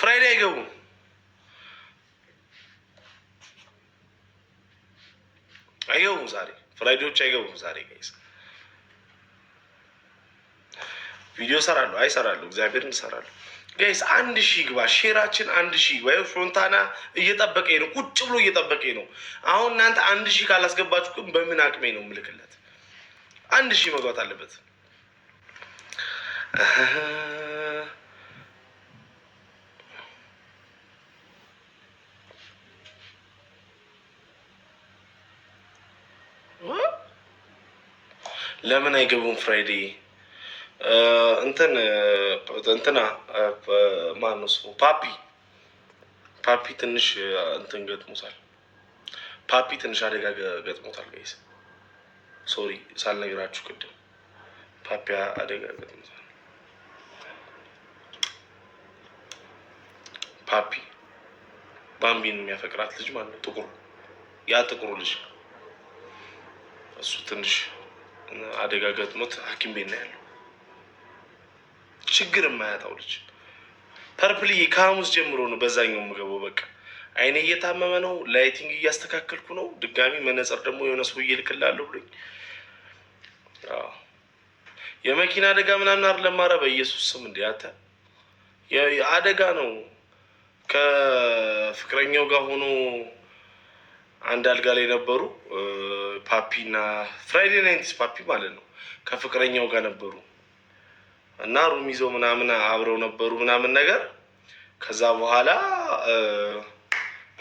ፍራይዴ አይገቡም። አይገቡም ዛሬ ፍራይዴዎች አይገቡም ዛሬ ጋይስ ቪዲዮ ሰራለሁ አይሰራለሁ እግዚአብሔርን እሰራለሁ ጋይስ አንድ ሺህ ግባ፣ ሼራችን አንድ ሺህ ወይ ፍሮንታና እየጠበቀ ነው ቁጭ ብሎ እየጠበቀ ነው አሁን እናንተ አንድ ሺህ ካላስገባችሁ ግን በምን አቅሜ ነው ምልክለት አንድ ሺህ መግባት አለበት ለምን አይገቡም? ፍራይዲ እንትን እንትና ማነው ስሙ? ፓፒ ፓፒ ትንሽ እንትን ገጥሞታል። ፓፒ ትንሽ አደጋ ገጥሞታል። ጋይስ ሶሪ ሳልነግራችሁ ቅድም ፓፒ አደጋ ገጥሞታል። ፓፒ ባምቢን የሚያፈቅራት ልጅ ማለት ነው። ጥቁሩ ያ ጥቁሩ ልጅ እሱ ትንሽ አደጋ ገጥሞት ሐኪም ቤት ነው ያለው። ችግር የማያጣው ልጅ ፐርፕልዬ ከሐሙስ ጀምሮ ነው በዛኛው የምገባው። በቃ አይኔ እየታመመ ነው፣ ላይቲንግ እያስተካከልኩ ነው። ድጋሚ መነጽር ደግሞ የሆነ ሰው እየልክላለሁ ብሎኝ የመኪና አደጋ ምናምን አይደለም። ኧረ በኢየሱስ ስም እንዲ አንተ አደጋ ነው ከፍቅረኛው ጋር ሆኖ አንድ አልጋ ላይ ነበሩ። ፓፒ ፍራይዴ ናይንትስ ፓፒ ማለት ነው ከፍቅረኛው ጋር ነበሩ እና ሩም ይዘው ምናምን አብረው ነበሩ ምናምን ነገር። ከዛ በኋላ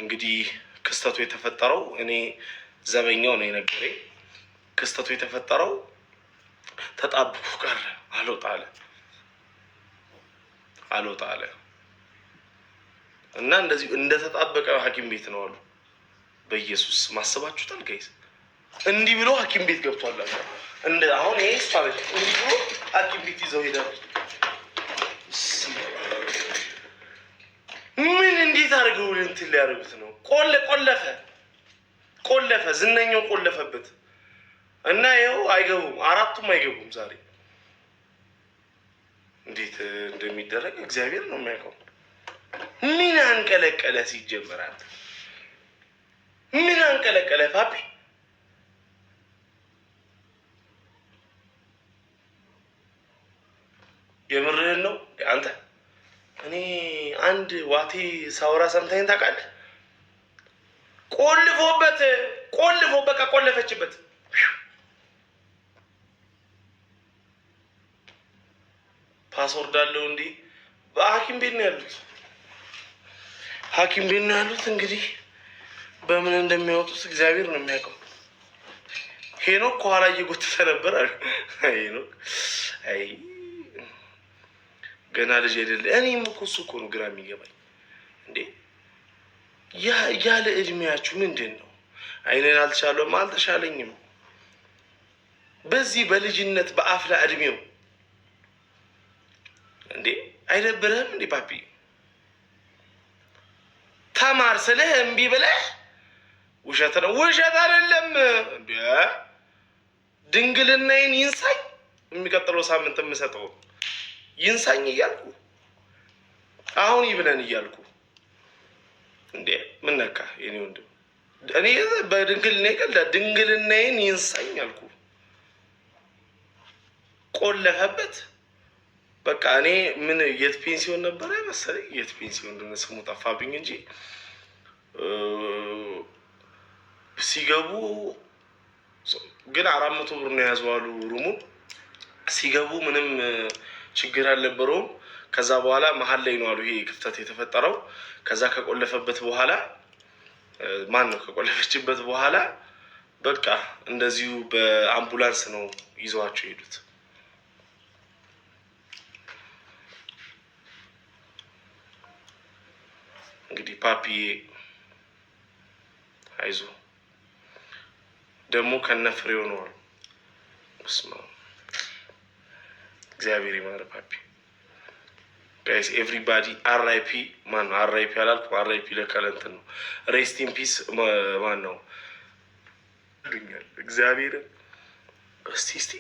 እንግዲህ ክስተቱ የተፈጠረው እኔ ዘበኛው ነው የነገረኝ። ክስተቱ የተፈጠረው ተጣብቁ ቀረ። አልወጣ አለ አልወጣ አለ እና እንደዚሁ እንደተጣበቀ ሐኪም ቤት ነው አሉ በኢየሱስ ማሰባችሁታል ጋይዝ። እንዲህ ብሎ ሐኪም ቤት ገብቷላቸው እንደ አሁን ይሄ ስታበት እንዲህ ብሎ ሐኪም ቤት ይዘው ሄዳሉ። ምን እንዴት አድርገው እንትን ሊያደርጉት ነው? ቆለ ቆለፈ ቆለፈ ዝነኛው ቆለፈበት እና ይኸው አይገቡም፣ አራቱም አይገቡም። ዛሬ እንዴት እንደሚደረግ እግዚአብሔር ነው የሚያውቀው። ምን አንቀለቀለ ሲጀመር ምን አንቀለቀለ ፋፒ? የምርህን ነው አንተ? እኔ አንድ ዋቴ ሳውራ ሰምታኝ ታውቃለህ? ቆልፎበት ቆልፎ በቃ ቆለፈችበት። ፓስወርድ አለው እንዲህ። በሐኪም ቤት ነው ያሉት፣ ሐኪም ቤት ነው ያሉት እንግዲህ በምን እንደሚያወጡት እግዚአብሔር ነው የሚያውቀው። ሄኖክ ከኋላ እየጎተተ ነበር አሉ። ሄኖክ አይ ገና ልጅ አይደለ። እኔም እኮ እሱ እኮ ነው ግራ የሚገባኝ እንዴ ያለ እድሜያችሁ ምንድን ነው? አይንን አልተሻለም አልተሻለኝም። በዚህ በልጅነት በአፍላ እድሜው እንዴ አይነበረም እንዴ? ፓፒ ተማር ስልህ እምቢ ብለህ ውሸት ነው። ውሸት አይደለም። ድንግልናዬን ይንሳኝ፣ የሚቀጥለው ሳምንት የምሰጠው ይንሳኝ እያልኩ አሁን ይብለን እያልኩ እንዴ ምን ነካ የኔ ወንድም? እኔ በድንግልና ቀልዳ ድንግልናዬን ይንሳኝ አልኩ። ቆለፈበት በቃ። እኔ ምን የት ፔንሲዮን ነበረ መሰለኝ የት ፔንሲዮን ስሙ ጠፋብኝ እንጂ ሲገቡ ግን አራት መቶ ብር ነው የያዘዋሉ አሉ ሩሙ። ሲገቡ ምንም ችግር አልነበረውም። ከዛ በኋላ መሀል ላይ ነው አሉ ይሄ ክፍተት የተፈጠረው። ከዛ ከቆለፈበት በኋላ ማን ነው ከቆለፈችበት በኋላ በቃ እንደዚሁ በአምቡላንስ ነው ይዘዋቸው ሄዱት። እንግዲህ ፓፒዬ አይዞ ደግሞ ከነፍሬው ኖረ። ስማ እግዚአብሔር ይማር ፓፒ ጋይስ ኤቭሪባዲ አር ማን ነው? አር አይ ፒ አላልኩም። አር አይ ነው። ሬስት ኢን ፒስ ማን ነው? ኛል እግዚአብሔር እስቲ እስቲ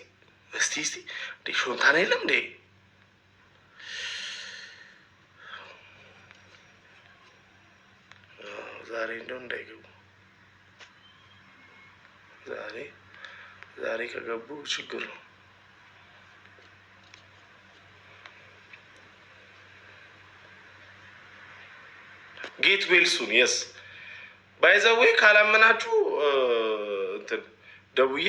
እስቲ እስቲ እንዴ ሾንታን የለም እንዴ ዛሬ እንደው እንዳይገቡ ዛሬ ዛሬ ከገቡ ችግር ነው። ጌት ዌልሱን የስ ባይዘዌ ካላመናችሁ እንትን ደውዬ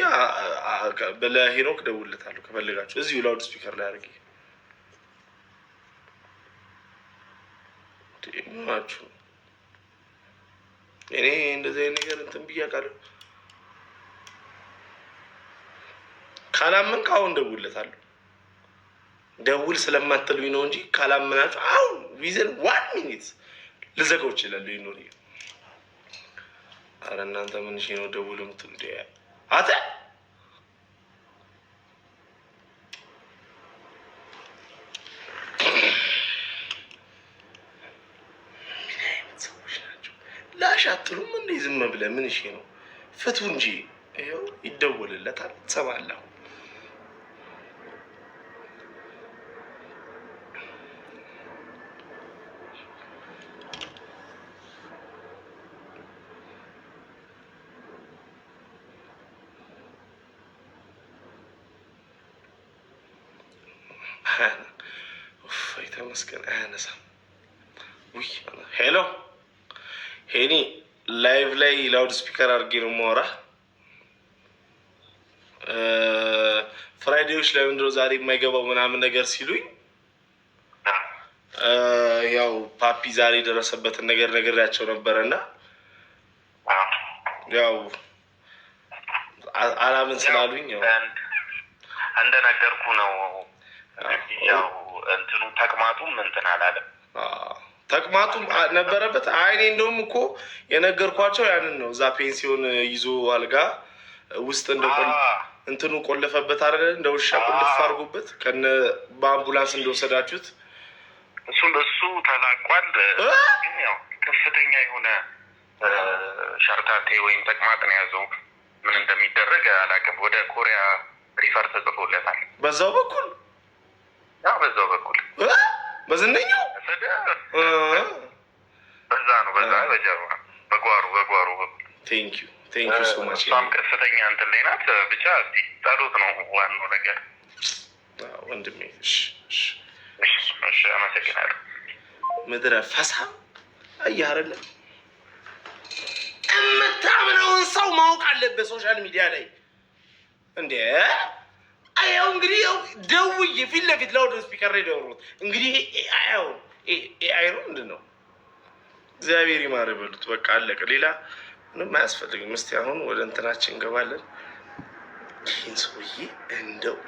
ለሄኖክ ደውልለታለሁ ከፈልጋችሁ እዚሁ ላውድ ስፒከር ላይ አድርጌ ናችሁ። እኔ እንደዚህ አይነት ነገር እንትን ብዬ አውቃለሁ። ካላመንክ አሁን ደውልለታለሁ። ደውል ስለማትሉኝ ነው እንጂ ካላመናችሁ አሁን ዊዘን ዋን ሚኒት ልዘገው ይችላሉ። ይኖር አረ እናንተ ምንሽ ነው ደውል ምትሉ አተ ላሽ አትሉም እንዴ? ዝም ብለህ ምን እሺ ነው ፍቱ እንጂ ይደወልለታል። ትሰማለህ ተመስገን አያነሳም። ሄሎ ሄኒ፣ ላይቭ ላይ ላውድ ስፒከር አድርጌ ነው የማወራ። ፍራይዴዎች ለምንድነው ነው ዛሬ የማይገባው ምናምን ነገር ሲሉኝ ያው ፓፒ ዛሬ የደረሰበትን ነገር ነግሬያቸው ነበረ እና ያው አላምን ስላሉኝ እንደነገርኩ ነው ያው እንትኑ ተቅማጡም እንትን አላለም። ተቅማጡም ነበረበት። አይኔ እንደውም እኮ የነገርኳቸው ያንን ነው። እዛ ፔንሲዮን ይዞ አልጋ ውስጥ እንደ እንትኑ ቆለፈበት አለ እንደ ውሻ ቁልፍ አድርጎበት ከነ በአምቡላንስ እንደወሰዳችሁት እሱ እሱ ተላቋል። ከፍተኛ የሆነ ሸርታቴ ወይም ተቅማጥ ነው ያዘው። ምን እንደሚደረግ አላውቅም። ወደ ኮሪያ ሪፈር ተጽፎለታል በዛው በኩል ያው በዛው በኩል በዝነኛው በዛ ነው። በዛ በጀርባ በጓሮ በጓሮ በኩል ቴንኪው ቴንኪው ሶ ማች። እሷም ቀስተኛ እንትን ላይ ናት። ብቻ ጸሎት ነው ዋናው ነገር ወንድሜ። አመሰግናለሁ። ምድረ ፈሳ እያረለ የምታምነውን ሰው ማወቅ አለበት ሶሻል ሚዲያ ላይ እንዴ ያው እንግዲህ ያው ደውዬ ፊት ለፊት ላውድ ስፒከር ላይ እንግዲህ አያው ኤአይ ነው ምንድን ነው? እግዚአብሔር ይማር በሉት። በቃ አለቀ። ሌላ ምንም አያስፈልግም። እስቲ አሁን ወደ እንትናችን እንገባለን። ይህን ሰውዬ እንደው